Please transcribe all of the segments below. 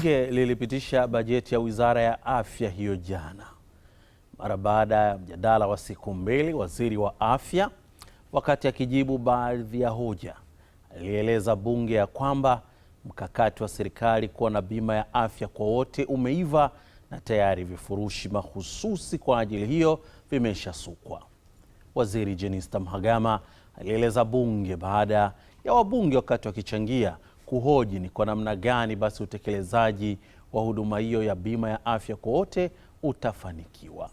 Bunge lilipitisha bajeti ya wizara ya afya hiyo jana. Mara baada ya mjadala wa siku mbili, waziri wa afya, wakati akijibu baadhi ya hoja, alieleza bunge ya kwamba mkakati wa serikali kuwa na bima ya afya kwa wote umeiva na tayari vifurushi mahususi kwa ajili hiyo vimeshasukwa. Waziri Jenista Mhagama alieleza bunge baada ya wabunge wakati wakichangia kuhoji ni kwa namna gani basi utekelezaji wa huduma hiyo ya bima ya afya kwa wote utafanikiwa.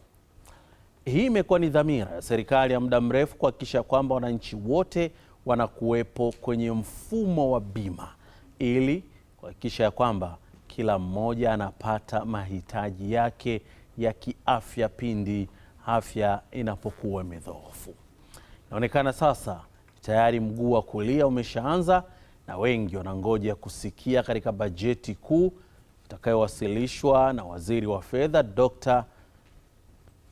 Hii imekuwa ni dhamira ya serikali ya muda mrefu kuhakikisha kwamba wananchi wote wanakuwepo kwenye mfumo wa bima ili kuhakikisha ya kwamba kila mmoja anapata mahitaji yake ya kiafya pindi afya inapokuwa imedhoofu. Inaonekana sasa tayari mguu wa kulia umeshaanza na wengi wanangoja kusikia katika bajeti kuu itakayowasilishwa na waziri wa fedha Dr.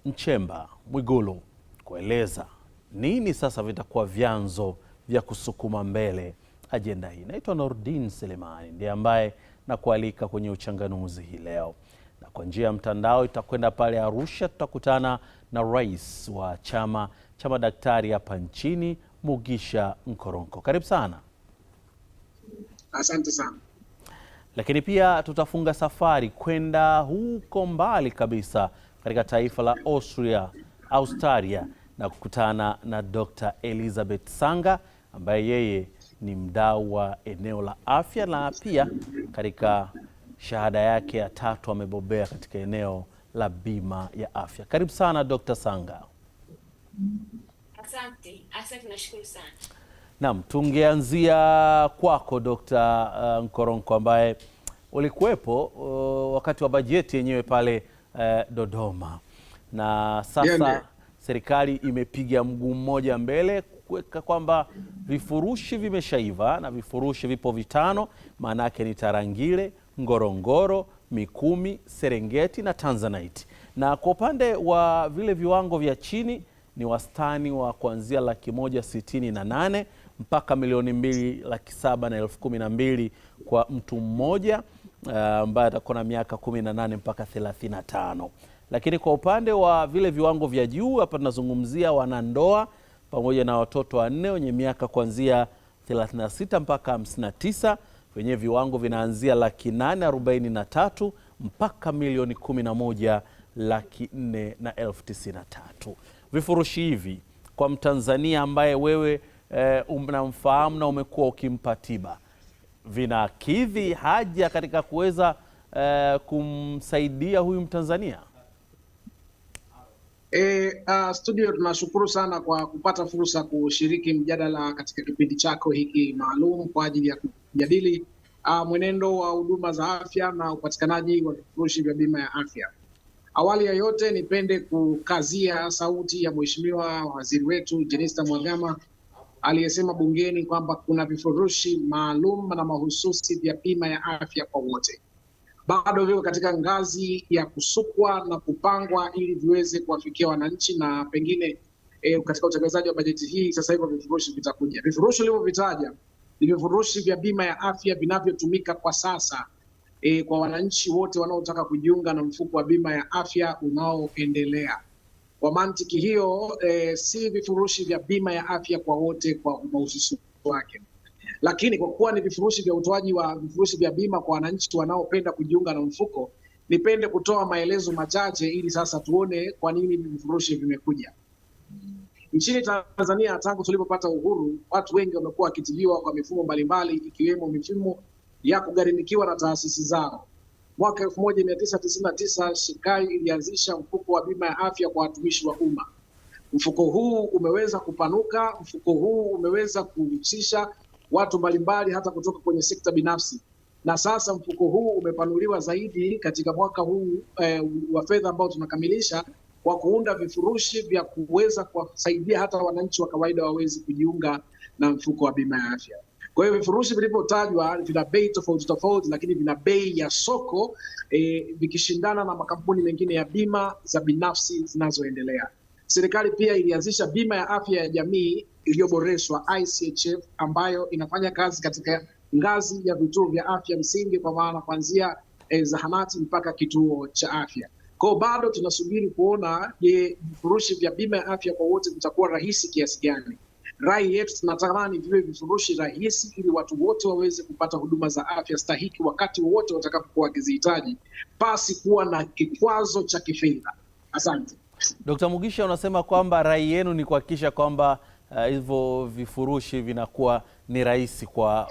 Nchemba Mwigulu kueleza nini sasa vitakuwa vyanzo vya kusukuma mbele ajenda hii. Naitwa Nordin Selemani ndiye ambaye nakualika kwenye uchanganuzi hii leo, na kwa njia ya mtandao itakwenda pale Arusha. Tutakutana na rais wa chama cha madaktari hapa nchini Mugisha Nkoronko. Karibu sana. Asante sana. Lakini pia tutafunga safari kwenda huko mbali kabisa katika taifa la Austria, Australia na kukutana na Dr. Elizabeth Sanga ambaye yeye ni mdau wa eneo la afya na pia katika shahada yake ya tatu amebobea katika eneo la bima ya afya. Karibu sana Dr. Sanga. Asante, asante, nashukuru sana. Naam, tungeanzia kwako dokta uh, Nkoronko ambaye ulikuwepo uh, wakati wa bajeti yenyewe pale uh, Dodoma na sasa Yende. Serikali imepiga mguu mmoja mbele kuweka kwamba vifurushi vimeshaiva na vifurushi vipo vitano, maana yake ni Tarangire, Ngorongoro, Mikumi, Serengeti na Tanzanite, na kwa upande wa vile viwango vya chini ni wastani wa kuanzia laki moja sitini na nane mpaka milioni mbili laki saba na elfu kumi na mbili kwa mtu mmoja uh, ambaye uh, atakuwa na miaka kumi na nane mpaka thelathini na tano. Lakini kwa upande wa vile viwango vya juu hapa tunazungumzia wanandoa pamoja na watoto wanne wenye miaka kuanzia 36 mpaka 59 wenye viwango vinaanzia laki nane arobaini na tatu mpaka milioni kumi na moja laki nne na elfu tisini na tatu. Vifurushi hivi kwa Mtanzania ambaye wewe eh, unamfahamu um, na umekuwa ukimpa tiba, vinakidhi haja katika kuweza eh, kumsaidia huyu Mtanzania? E, uh, studio tunashukuru sana kwa kupata fursa kushiriki mjadala katika kipindi chako hiki maalum kwa ajili ya kujadili uh, mwenendo wa huduma za afya na upatikanaji wa vifurushi vya bima ya afya. Awali ya yote, nipende kukazia sauti ya Mheshimiwa Waziri wetu Jenista Mhagama aliyesema bungeni kwamba kuna vifurushi maalum na mahususi vya bima ya afya kwa wote. Bado viko katika ngazi ya kusukwa na kupangwa ili viweze kuwafikia wananchi na pengine E, katika utekelezaji wa bajeti hii sasa hivyo vifurushi vitakuja. Vifurushi ulivyovitaja ni vifurushi vya bima ya afya vinavyotumika kwa sasa e, kwa wananchi wote wanaotaka kujiunga na mfuko wa bima ya afya unaoendelea. Kwa mantiki hiyo e, si vifurushi vya bima ya afya kwa wote kwa mahususi wake, lakini kwa kuwa ni vifurushi vya utoaji wa vifurushi vya bima kwa wananchi wanaopenda kujiunga na mfuko, nipende kutoa maelezo machache ili sasa tuone kwa nini vifurushi vimekuja. Nchini Tanzania tangu tulipopata uhuru, watu wengi wamekuwa wakitibiwa kwa mifumo mbalimbali ikiwemo mifumo ya kugharimikiwa na taasisi zao. Mwaka elfu moja mia tisa tisini na tisa ilianzisha mfuko wa bima ya afya kwa watumishi wa umma. Mfuko huu umeweza kupanuka, mfuko huu umeweza kuhusisha watu mbalimbali hata kutoka kwenye sekta binafsi, na sasa mfuko huu umepanuliwa zaidi katika mwaka huu e, wa fedha ambao tunakamilisha kwa kuunda vifurushi vya kuweza kuwasaidia hata wananchi wa kawaida waweze kujiunga na mfuko wa bima ya afya. Kwa hiyo vifurushi vilivyotajwa vina bei tofauti tofauti, lakini vina bei ya soko e, vikishindana na makampuni mengine ya bima za binafsi zinazoendelea. Serikali pia ilianzisha bima ya afya ya jamii iliyoboreshwa ICHF, ambayo inafanya kazi katika ngazi ya vituo vya afya msingi, kwa maana kuanzia e, zahanati mpaka kituo cha afya. Kwa bado tunasubiri kuona je, vifurushi vya bima ya afya kwa wote vitakuwa rahisi kiasi gani? Rai yetu tunatamani viwe vifurushi rahisi, ili watu wote waweze kupata huduma za afya stahiki wakati wowote watakapokuwa wakizihitaji pasi kuwa na kikwazo cha kifedha. Asante. Dkt. Mugisha, unasema kwamba rai yenu ni kuhakikisha kwamba eh, hivyo uh, vifurushi vinakuwa ni rahisi kwa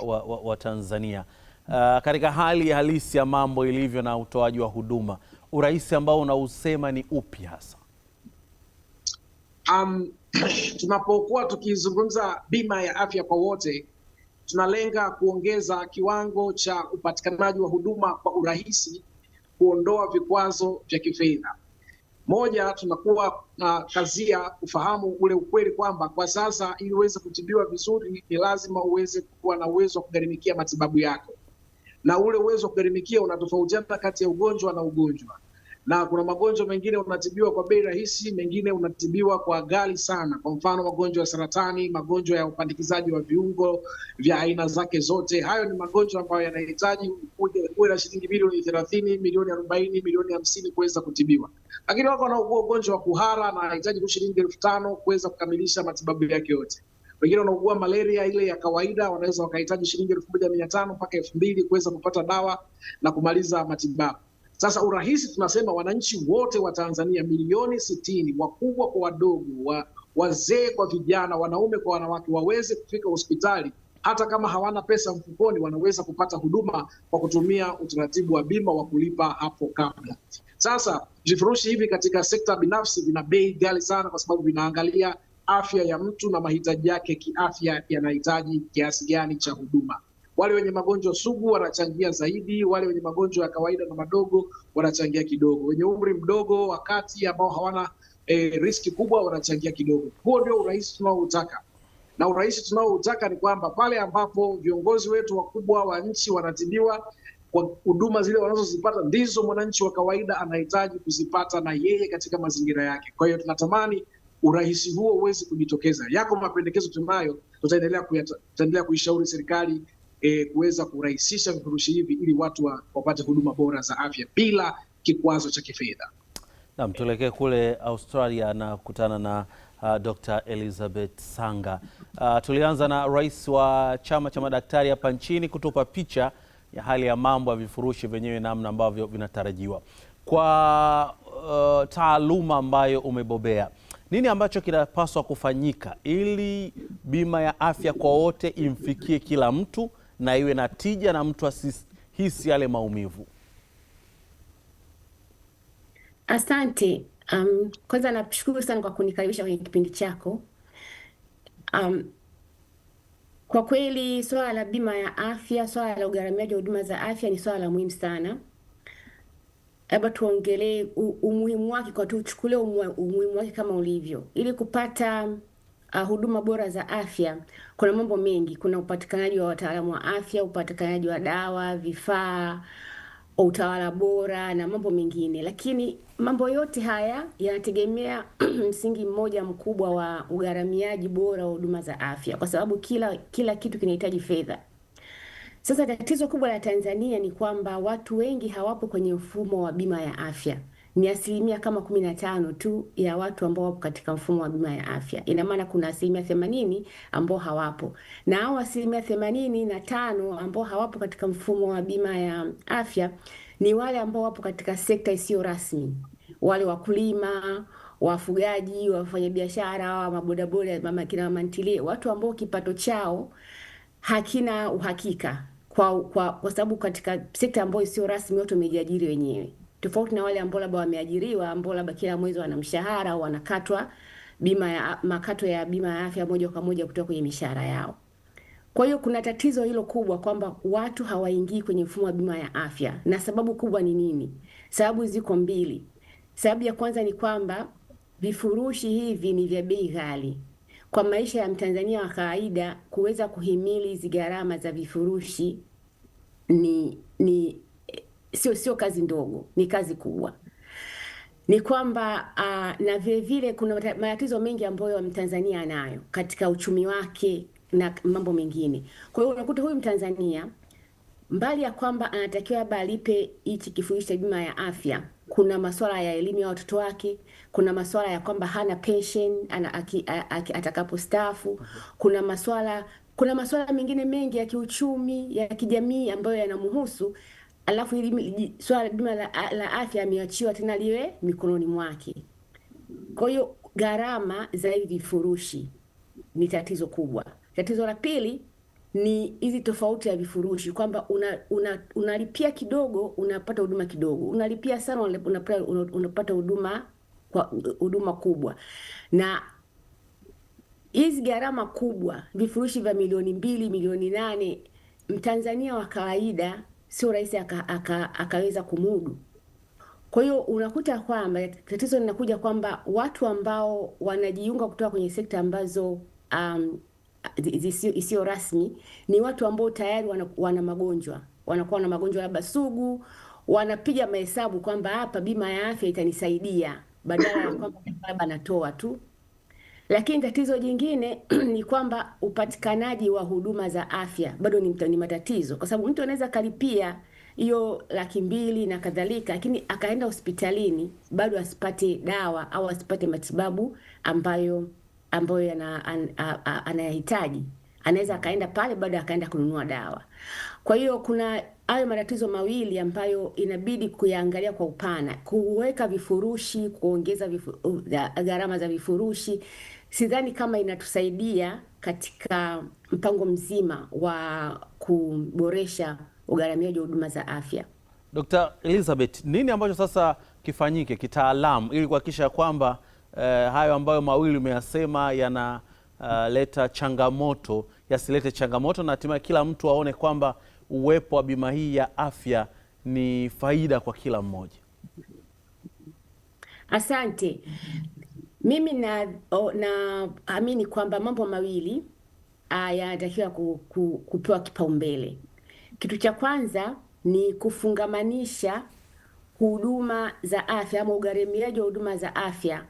Watanzania wa, wa Uh, katika hali halisi ya mambo ilivyo na utoaji wa huduma, urahisi ambao unausema ni upi hasa? Um, tunapokuwa tukizungumza bima ya afya kwa wote, tunalenga kuongeza kiwango cha upatikanaji wa huduma kwa urahisi, kuondoa vikwazo vya kifedha. Moja, tunakuwa na uh, kazia kufahamu ule ukweli kwamba kwa sasa ili uweze kutibiwa vizuri ni lazima uweze kuwa na uwezo wa kugharimikia matibabu yako, na ule uwezo wa kugharimikia unatofautiana kati ya ugonjwa na ugonjwa na kuna magonjwa mengine unatibiwa kwa bei rahisi, mengine unatibiwa kwa ghali sana. Kwa mfano magonjwa ya saratani, magonjwa ya upandikizaji wa viungo vya aina zake zote, hayo ni magonjwa ambayo yanahitaji uwe na shilingi milioni thelathini, milioni arobaini, milioni hamsini kuweza kutibiwa. Lakini wako wanaugua ugonjwa wa kuhara na anahitaji tu shilingi elfu tano kuweza kukamilisha matibabu yake yote wengine wanaugua malaria ile ya kawaida wanaweza wakahitaji shilingi elfu moja mia tano mpaka elfu mbili kuweza kupata dawa na kumaliza matibabu. Sasa urahisi tunasema wananchi wote wa Tanzania milioni sitini, wakubwa kwa wadogo, wa, wazee kwa vijana, wanaume kwa wanawake, waweze kufika hospitali hata kama hawana pesa mfukoni, wanaweza kupata huduma kwa kutumia utaratibu wa bima wa kulipa hapo kabla. Sasa vifurushi hivi katika sekta binafsi vina bei ghali sana, kwa sababu vinaangalia afya ya mtu na mahitaji yake kiafya, yanahitaji kiasi gani cha huduma. Wale wenye magonjwa sugu wanachangia zaidi, wale wenye magonjwa ya kawaida na madogo wanachangia kidogo, wenye umri mdogo wa kati ambao hawana e, riski kubwa wanachangia kidogo. Huo ndio urahisi tunaoutaka, na urahisi tunaoutaka ni kwamba pale ambapo viongozi wetu wakubwa wa nchi wanatibiwa kwa huduma zile wanazozipata ndizo mwananchi wa kawaida anahitaji kuzipata na yeye katika mazingira yake. Kwa hiyo tunatamani urahisi huo uweze kujitokeza. Yako mapendekezo tunayo, tutaendelea kuishauri serikali e, kuweza kurahisisha vifurushi hivi ili watu wa, wapate huduma bora za afya bila kikwazo cha kifedha. Naam, tuelekee kule Australia na kukutana na uh, Dr. Elizabeth Sanga. Uh, tulianza na rais wa chama cha madaktari hapa nchini kutupa picha ya hali ya mambo ya vifurushi vyenyewe namna ambavyo vinatarajiwa. Kwa uh, taaluma ambayo umebobea, nini ambacho kinapaswa kufanyika ili bima ya afya kwa wote imfikie kila mtu na iwe na tija na mtu asihisi yale maumivu? Asante. Um, kwanza nashukuru sana kwa kunikaribisha kwenye kipindi chako. Um, kwa kweli swala la bima ya afya, swala la ugharamiaji wa huduma za afya ni swala la muhimu sana. Labda tuongelee umuhimu wake, kwa tuchukulie umuhimu wake kama ulivyo, ili kupata uh, huduma bora za afya, kuna mambo mengi. Kuna upatikanaji wa wataalamu wa afya, upatikanaji wa dawa, vifaa, utawala bora na mambo mengine, lakini mambo yote haya yanategemea msingi mmoja mkubwa wa ugharamiaji bora wa huduma za afya, kwa sababu kila kila kitu kinahitaji fedha. Sasa tatizo kubwa la Tanzania ni kwamba watu wengi hawapo kwenye mfumo wa bima ya afya ni asilimia kama kumi na tano tu ya watu ambao wapo katika mfumo wa bima ya afya. Ina maana kuna asilimia themanini ambao hawapo, na hao asilimia themanini na tano ambao hawapo katika mfumo wa bima ya afya ni wale ambao wapo katika sekta isiyo rasmi, wale wakulima wafugaji, wafanyabiashara, wa mabodaboda, mama kina mama ntilie, watu ambao kipato chao hakina uhakika kwa, kwa, kwa sababu katika sekta ambayo sio rasmi watu wamejiajiri wenyewe tofauti na wale ambao labda wameajiriwa ambao labda kila mwezi wana mshahara au wanakatwa bima ya makato ya bima ya afya moja kwa moja kutoka kwenye mishahara yao. Kwa hiyo kuna tatizo hilo kubwa kwamba watu hawaingii kwenye mfumo wa bima ya afya, na sababu kubwa ni nini? Sababu ziko mbili. Sababu ya kwanza ni kwamba vifurushi hivi ni vya bei ghali kwa maisha ya Mtanzania wa kawaida. Kuweza kuhimili hizi gharama za vifurushi ni ni sio sio kazi ndogo, ni kazi kubwa. Ni kwamba uh, na vile vile kuna matatizo mengi ambayo Mtanzania anayo katika uchumi wake na mambo mengine. Kwa hiyo unakuta huyu Mtanzania mbali ya kwamba anatakiwa labda alipe hichi kifurushi cha bima ya afya, kuna masuala ya elimu ya watoto wake, kuna masuala ya kwamba hana pension atakapostaafu, kuna masuala kuna masuala mengine mengi ya kiuchumi ya kijamii ambayo yanamhusu alafu hili swala bima la, la afya ameachiwa tena liwe mikononi mwake. Kwa hiyo gharama za hivi vifurushi ni tatizo kubwa. Tatizo la pili ni hizi tofauti ya vifurushi kwamba unalipia una, una kidogo unapata huduma kidogo, unalipia sana unapata unapata huduma kwa huduma kubwa. Na hizi gharama kubwa, vifurushi vya milioni mbili, milioni nane, mtanzania wa kawaida sio rahisi akaweza aka, aka kumudu. Kwa hiyo unakuta kwamba tatizo linakuja kwamba watu ambao wanajiunga kutoka kwenye sekta ambazo um, isiyo rasmi ni watu ambao tayari wana, wana magonjwa wanakuwa na magonjwa labda sugu, wanapiga mahesabu kwamba hapa bima ya afya itanisaidia badala ya kwamba labda natoa tu lakini tatizo jingine ni kwamba upatikanaji wa huduma za afya bado ni, ni matatizo, kwa sababu mtu anaweza akalipia hiyo laki mbili na kadhalika, lakini akaenda hospitalini bado asipate dawa au asipate matibabu ambayo ambayo anayahitaji. Anaweza akaenda pale bado akaenda kununua dawa. Kwa hiyo kuna hayo matatizo mawili ambayo inabidi kuyaangalia kwa upana, kuweka vifurushi, kuongeza vifu, uh, gharama za vifurushi, sidhani kama inatusaidia katika mpango mzima wa kuboresha ugharamiaji wa huduma za afya. Dkt. Elizabeth, nini ambacho sasa kifanyike kitaalamu ili kuhakikisha kwamba eh, hayo ambayo mawili umeyasema yanaleta eh, uh, changamoto yasilete changamoto na hatimaye kila mtu aone kwamba uwepo wa bima hii ya afya ni faida kwa kila mmoja? Asante. Mimi naamini na, kwamba mambo mawili ah, yanatakiwa ku, ku, kupewa kipaumbele. Kitu cha kwanza ni kufungamanisha huduma za afya ama ugharimiaji wa huduma za afya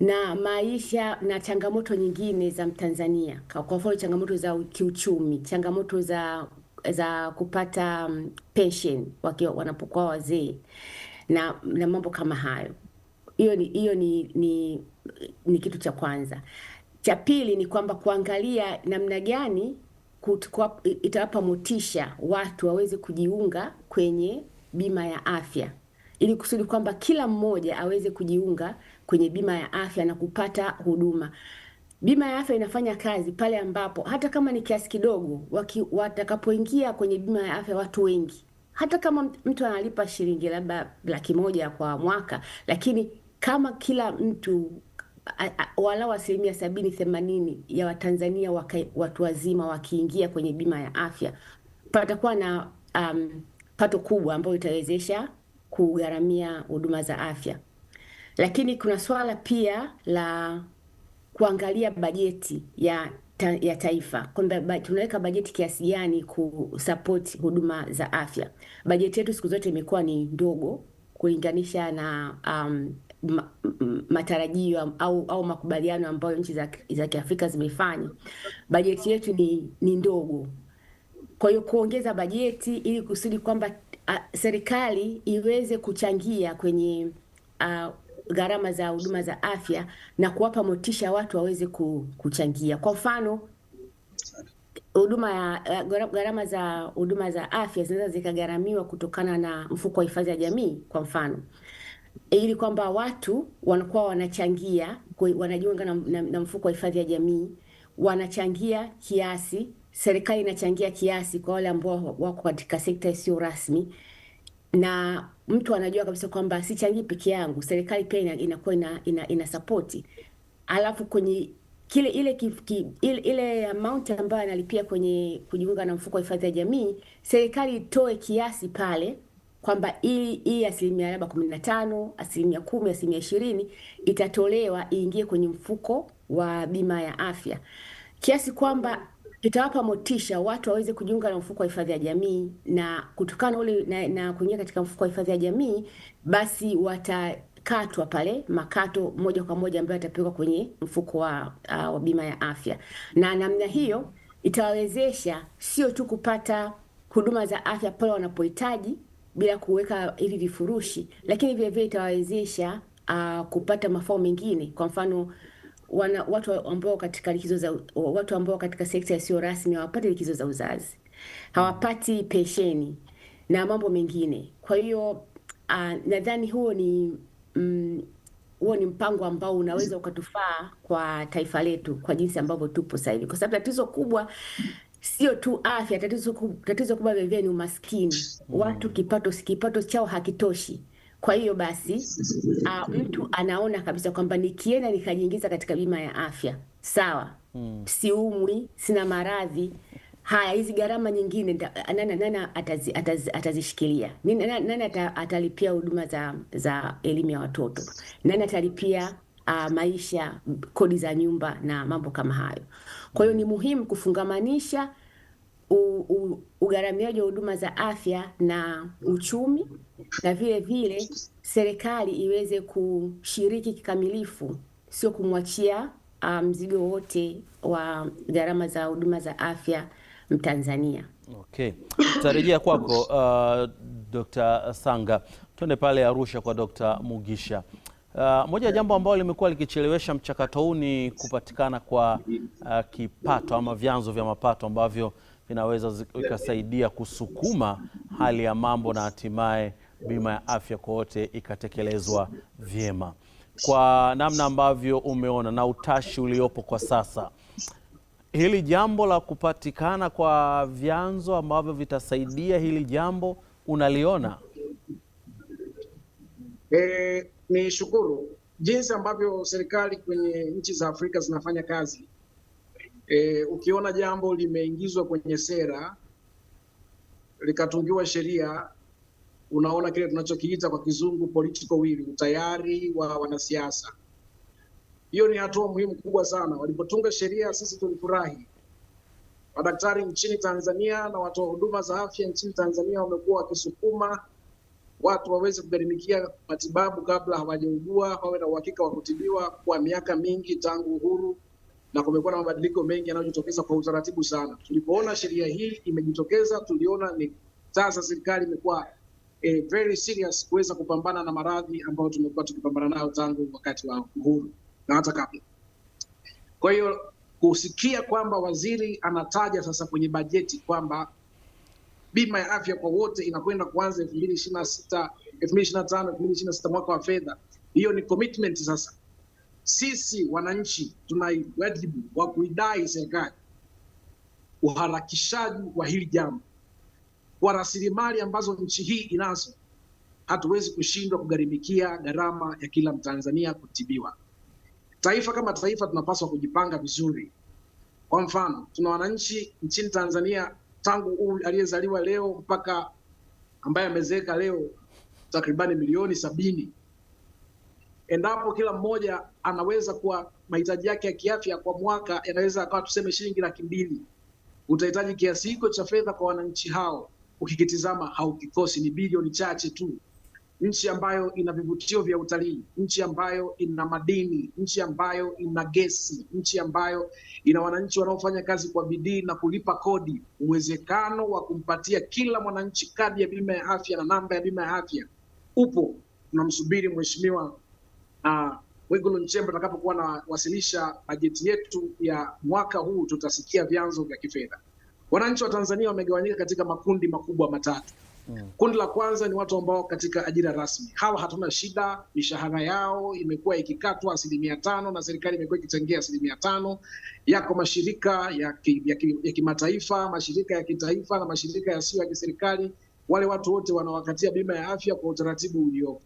na maisha na changamoto nyingine za Mtanzania, kwa mfano changamoto za kiuchumi, changamoto za za kupata mm, pension wakiwa wanapokuwa wazee na, na mambo kama hayo. Hiyo ni, hiyo ni, ni, ni kitu cha kwanza. Cha pili ni kwamba kuangalia namna gani itawapa motisha watu waweze kujiunga kwenye bima ya afya ili kusudi kwamba kila mmoja aweze kujiunga kwenye bima ya afya na kupata huduma. Bima ya afya inafanya kazi pale ambapo hata kama ni kiasi kidogo, watakapoingia kwenye bima ya afya watu wengi, hata kama mtu analipa shilingi labda laki moja kwa mwaka, lakini kama kila mtu walau asilimia sabini themanini ya Watanzania watu wazima wakiingia kwenye bima ya afya patakuwa na um, pato kubwa ambayo itawezesha kugharamia huduma za afya, lakini kuna swala pia la kuangalia bajeti ya ta, ya taifa kwamba tunaweka bajeti kiasi gani kusapoti huduma za afya. Bajeti yetu siku zote imekuwa ni ndogo kulinganisha na um, matarajio au, au makubaliano ambayo nchi za, za Kiafrika zimefanya. Bajeti yetu ni, ni ndogo, kwa hiyo kuongeza bajeti ili kusudi kwamba serikali iweze kuchangia kwenye uh, gharama za huduma za afya na kuwapa motisha watu waweze kuchangia. Kwa mfano huduma ya eh, gharama za huduma za afya zinaweza zikagharamiwa kutokana na mfuko wa hifadhi ya jamii kwa mfano, ili kwamba watu wanakuwa wanachangia, wanajiunga na, na, na mfuko wa hifadhi ya jamii wanachangia kiasi, serikali inachangia kiasi kwa wale ambao wako katika sekta isiyo rasmi na mtu anajua kabisa kwamba sichangii peke yangu, serikali pia inakuwa ina, ina, ina sapoti, alafu kwenye kile ile, ki, ile, ile amount ambayo analipia kwenye kujiunga na mfuko wa hifadhi ya jamii, serikali itoe kiasi pale kwamba hii hii asilimia labda kumi na tano asilimia kumi asilimia ishirini itatolewa iingie kwenye mfuko wa bima ya afya kiasi kwamba kitawapa motisha watu waweze kujiunga na mfuko wa hifadhi ya jamii, na kutokana ule na, na kuingia katika mfuko wa hifadhi ya jamii, basi watakatwa pale makato moja kwa moja ambayo yatapelekwa kwenye mfuko wa, uh, wa bima ya afya, na namna hiyo itawawezesha sio tu kupata huduma za afya pale wanapohitaji bila kuweka hivi vifurushi, lakini vilevile itawawezesha uh, kupata mafao mengine, kwa mfano wana, watu ambao katika likizo za watu ambao katika sekta isiyo rasmi hawapati likizo za uzazi, hawapati pensheni na mambo mengine. Kwa hiyo uh, nadhani huo ni mm, huo ni mpango ambao unaweza ukatufaa kwa taifa letu kwa jinsi ambavyo tupo sasa hivi, kwa sababu tatizo kubwa sio tu afya, tatizo kubwa, tatizo kubwa ni umaskini. Mm. Watu kipato kipato chao hakitoshi. Kwa hiyo basi a, ah, mtu anaona kabisa kwamba nikienda nikajiingiza katika bima ya afya sawa, hmm. siumwi, sina maradhi haya, hizi gharama nyingine nani, nani atazi, atazi, atazishikilia? Nani atalipia huduma za, za elimu ya watoto? Nani atalipia uh, maisha, kodi za nyumba na mambo kama hayo? Kwa hiyo ni hmm. muhimu kufungamanisha ugharamiaji wa huduma za afya na uchumi, na vile vile serikali iweze kushiriki kikamilifu, sio kumwachia mzigo um, wote wa gharama za huduma za afya Mtanzania. Okay, tutarejea kwako uh, Dr. Sanga, twende pale Arusha kwa Dr. Mugisha. Uh, moja ya jambo ambalo limekuwa likichelewesha mchakato huu ni kupatikana kwa uh, kipato ama vyanzo vya mapato ambavyo inaweza ikasaidia kusukuma hali ya mambo na hatimaye bima ya afya kwa wote ikatekelezwa vyema kwa namna ambavyo umeona na utashi uliopo kwa sasa. Hili jambo la kupatikana kwa vyanzo ambavyo vitasaidia hili jambo unaliona? E, ni shukuru jinsi ambavyo serikali kwenye nchi za Afrika zinafanya kazi E, ukiona jambo limeingizwa kwenye sera likatungiwa sheria, unaona kile tunachokiita kwa kizungu political will, utayari wa wanasiasa. Hiyo ni hatua muhimu kubwa sana. Walipotunga sheria, sisi tulifurahi. Madaktari nchini Tanzania na watoa huduma za afya nchini Tanzania wamekuwa wakisukuma watu waweze kugharimikia matibabu kabla hawajaugua, wawe na uhakika wa kutibiwa kwa miaka mingi tangu uhuru na kumekuwa na mabadiliko mengi yanayojitokeza kwa utaratibu sana. Tulipoona sheria hii imejitokeza, tuliona ni sasa serikali imekuwa eh, very serious kuweza kupambana na maradhi ambayo tumekuwa tukipambana nayo tangu wakati wa uhuru na hata kabla. Kwa hiyo kusikia kwamba waziri anataja sasa kwenye bajeti kwamba bima ya afya kwa wote inakwenda kuanza elfu mbili ishirini mwaka wa fedha, hiyo ni commitment sasa sisi wananchi tuna wajibu wa kuidai serikali uharakishaji wa hili jambo. Kwa rasilimali ambazo nchi hii inazo, hatuwezi kushindwa kugharimikia gharama ya kila Mtanzania kutibiwa. Taifa kama taifa tunapaswa kujipanga vizuri. Kwa mfano, tuna wananchi nchini Tanzania tangu huyu aliyezaliwa leo mpaka ambaye amezeeka leo takribani milioni sabini endapo kila mmoja anaweza kuwa mahitaji yake ya kiafya kwa mwaka yanaweza akawa tuseme shilingi laki mbili, utahitaji kiasi hiko cha fedha kwa wananchi hao. Ukikitizama haukikosi, ni bilioni chache tu. Nchi ambayo ina vivutio vya utalii, nchi ambayo ina madini, nchi ambayo ina gesi, nchi ambayo ina wananchi wanaofanya kazi kwa bidii na kulipa kodi, uwezekano wa kumpatia kila mwananchi kadi ya bima ya afya na namba ya bima ya afya upo. Tunamsubiri mheshimiwa na Mwigulu Nchemba atakapokuwa anawasilisha bajeti yetu ya mwaka huu, tutasikia vyanzo vya kifedha. Wananchi wa Tanzania wamegawanyika katika makundi makubwa matatu. Mm. Kundi la kwanza ni watu ambao katika ajira rasmi, hawa hatuna shida, mishahara yao imekuwa ikikatwa asilimia tano na serikali imekuwa ikitengea asilimia tano. Yako mashirika ya kimataifa, ki, ki, mashirika ya kitaifa na mashirika yasiyo ya kiserikali, wale watu wote wanawakatia bima ya afya kwa utaratibu uliopo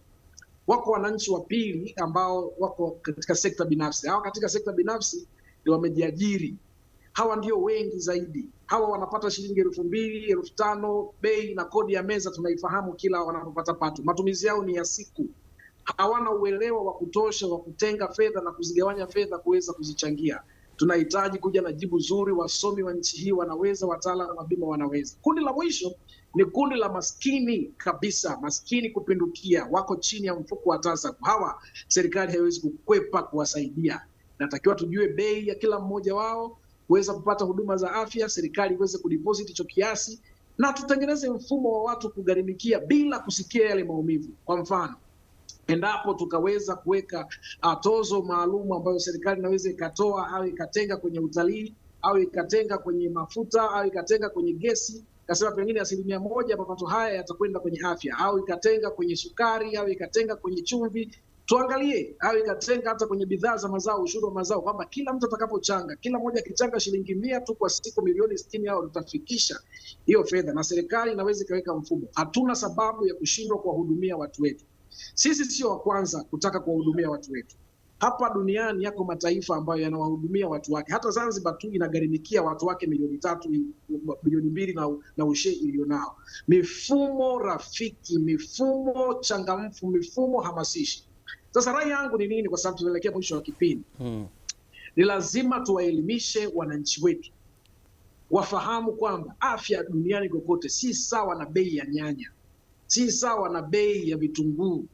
wako wananchi wa pili ambao wako katika sekta binafsi. Hawa katika sekta binafsi ndio wamejiajiri, hawa ndio wengi zaidi. Hawa wanapata shilingi elfu mbili elfu tano Bei na kodi ya meza tunaifahamu kila wanapopata pato. Matumizi yao ni ya siku, hawana uelewa wa kutosha wa kutenga fedha na kuzigawanya fedha kuweza kuzichangia. Tunahitaji kuja na jibu zuri. Wasomi wa nchi hii wanaweza, wataalam wa bima wanaweza. Kundi la mwisho ni kundi la maskini kabisa, maskini kupindukia, wako chini ya mfuko wa TASAF. Hawa serikali haiwezi kukwepa kuwasaidia, natakiwa tujue bei ya kila mmoja wao kuweza kupata huduma za afya, serikali iweze kudeposit hicho kiasi, na tutengeneze mfumo wa watu kugharimikia bila kusikia yale maumivu. Kwa mfano endapo tukaweza kuweka ah, tozo maalum ambayo serikali inaweza ikatoa au ikatenga kwenye utalii au ikatenga kwenye mafuta au ikatenga kwenye gesi, kasema pengine asilimia moja mapato haya yatakwenda kwenye afya, au ikatenga kwenye sukari, au ikatenga kwenye chumvi, tuangalie, au ikatenga hata kwenye bidhaa za mazao, ushuru wa mazao, kwamba kila mtu atakapochanga, kila mmoja akichanga shilingi mia tu kwa siku, milioni sitini hao tutafikisha hiyo fedha, na serikali inaweza ikaweka mfumo. Hatuna sababu ya kushindwa kuwahudumia watu wetu. Sisi sio wa kwanza kutaka kuwahudumia watu wetu. Hapa duniani yako mataifa ambayo yanawahudumia watu wake. Hata Zanzibar tu inagharimikia watu wake milioni tatu milioni mbili na, na iliyo iliyonao. Mifumo rafiki, mifumo changamfu, mifumo hamasishi. Sasa rai yangu ni nini, kwa sababu tunaelekea mwisho wa kipindi hmm. Ni lazima tuwaelimishe wananchi wetu wafahamu kwamba afya duniani kokote si sawa na bei ya nyanya, si sawa na bei ya vitunguu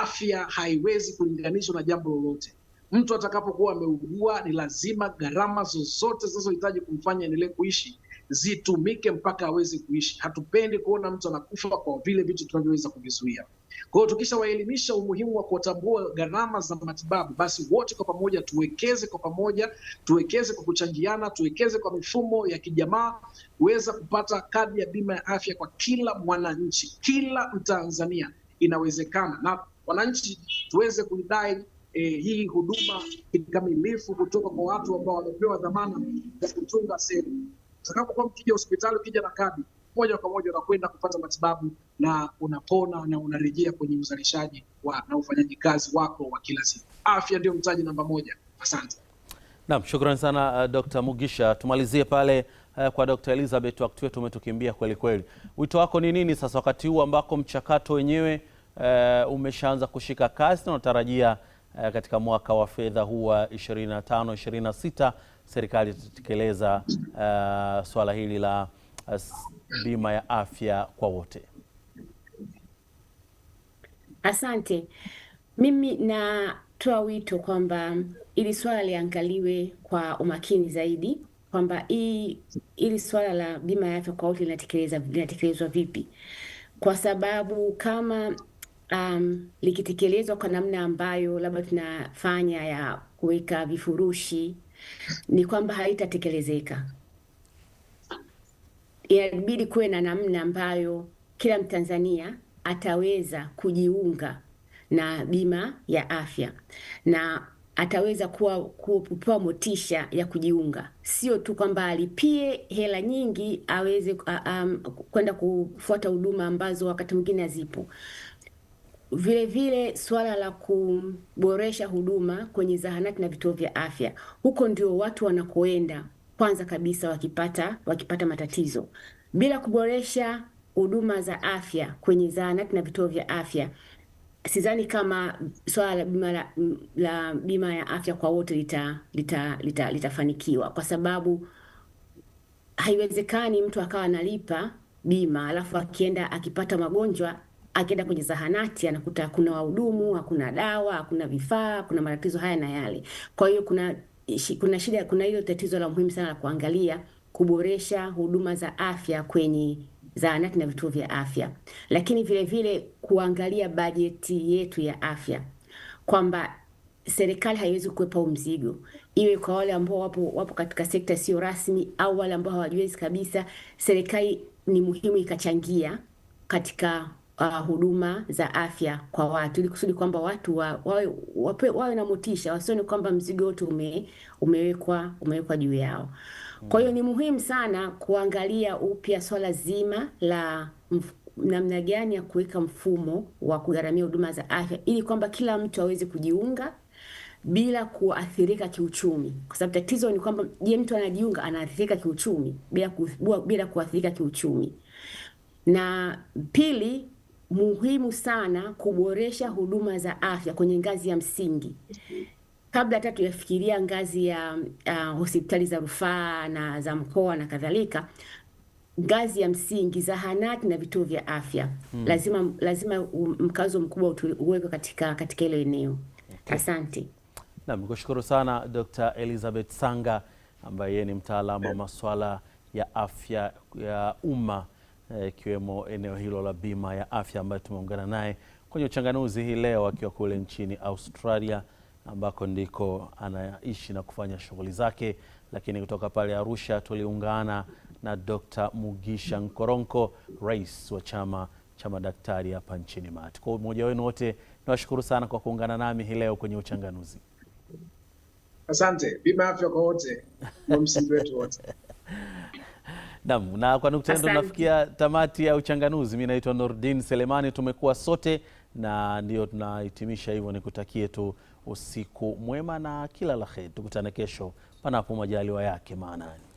afya haiwezi kulinganishwa na jambo lolote. Mtu atakapokuwa ameugua, ni lazima gharama zozote zinazohitaji kumfanya endelee kuishi zitumike mpaka aweze kuishi. Hatupendi kuona mtu anakufa kwa vile vitu tunavyoweza kuvizuia. Kwa hiyo tukishawaelimisha umuhimu wa kuwatambua gharama za matibabu, basi wote kwa pamoja tuwekeze kwa pamoja, tuwekeze kwa kuchangiana, tuwekeze kwa mifumo ya kijamaa kuweza kupata kadi ya bima ya afya kwa kila mwananchi, kila Mtanzania. Inawezekana na wananchi tuweze kuidai e, hii huduma kikamilifu kutoka kwa watu ambao wamepewa dhamana ya kutunga seli. Utakapokuwa mkija hospitali, ukija na kadi moja kwa moja unakwenda kupata matibabu na unapona na unarejea kwenye uzalishaji wa na ufanyaji kazi wako wa kila siku. Afya ndio mtaji namba moja. Asante. nam shukrani sana uh, Dr. Mugisha. Tumalizie pale uh, kwa Dr. Elizabeth, wakati wetu umetukimbia kweli kweli. Wito wako ni nini sasa wakati huu ambako mchakato wenyewe uh, umeshaanza kushika kasi na unatarajia uh, katika mwaka wa fedha huu wa 25 26 serikali itatekeleza uh, swala hili la bima ya afya kwa wote. Asante. Mimi natoa wito kwamba ili swala liangaliwe kwa umakini zaidi, kwamba hii ili swala la bima ya afya kwa wote linatekelezwa vipi, kwa sababu kama um, likitekelezwa kwa namna ambayo labda tunafanya ya kuweka vifurushi, ni kwamba haitatekelezeka. Inabidi kuwe na namna ambayo kila Mtanzania ataweza kujiunga na bima ya afya na ataweza kuwa kupewa motisha ya kujiunga, sio tu kwamba alipie hela nyingi aweze um, kwenda kufuata huduma ambazo wakati mwingine hazipo. Vile vile swala la kuboresha huduma kwenye zahanati na vituo vya afya, huko ndio watu wanakoenda kwanza kabisa wakipata wakipata matatizo. Bila kuboresha huduma za afya kwenye zahanati na vituo vya afya, sidhani kama swala la bima la, la bima ya afya kwa wote litafanikiwa lita, lita, lita, kwa sababu haiwezekani mtu akawa analipa bima alafu akienda akipata magonjwa akienda kwenye zahanati anakuta hakuna wahudumu, hakuna dawa, hakuna vifaa, kuna matatizo haya na yale. Kwa hiyo kuna kuna shida, kuna hilo tatizo la muhimu sana la kuangalia kuboresha huduma za afya kwenye zahanati na vituo vya afya, lakini vile vile kuangalia bajeti yetu ya afya kwamba serikali haiwezi kuepa mzigo, iwe kwa wale ambao wapo, wapo katika sekta sio rasmi au wale ambao hawajiwezi kabisa. Serikali ni muhimu ikachangia katika uh, huduma za afya kwa watu ili kusudi kwamba watu wa, wawe, wape, wawe na motisha, wasioni kwamba mzigo wote ume, umewekwa umewekwa juu yao. Kwa hiyo ni muhimu sana kuangalia upya swala zima la mf, namna gani ya kuweka mfumo wa kugharamia huduma za afya ili kwamba kila mtu aweze kujiunga bila kuathirika kiuchumi, kwa sababu tatizo ni kwamba, je, mtu anajiunga anaathirika kiuchumi bila ku, bila kuathirika kiuchumi. Na pili, muhimu sana kuboresha huduma za afya kwenye ngazi ya msingi kabla hata tuyafikiria ngazi ya uh, hospitali za rufaa na za mkoa na kadhalika. Ngazi ya msingi, zahanati na vituo vya afya hmm. Lazima, lazima mkazo mkubwa uwekwe katika katika hilo eneo okay. Asante nam, nikushukuru sana Dr. Elizabeth Sanga ambaye ni mtaalamu wa eh. masuala ya afya ya umma. Eh, ikiwemo eh, eneo hilo la bima ya afya ambayo tumeungana naye kwenye uchanganuzi hii leo akiwa kule nchini Australia ambako ndiko anaishi na kufanya shughuli zake. Lakini kutoka pale Arusha tuliungana na Dr. Mugisha Nkoronko, rais wa chama cha madaktari hapa nchini MAT. Kwa umoja wenu wote nawashukuru sana kwa kuungana nami hii leo kwenye uchanganuzi. Asante. Bima afya kwa wote msingi wetu wote. Naam, na kwa nukta ndo nafikia tamati ya uchanganuzi. Mimi naitwa Nordin Selemani, tumekuwa sote na ndio tunahitimisha hivyo, nikutakie tu usiku mwema na kila la heri, tukutane kesho panapo majaliwa yake maanani.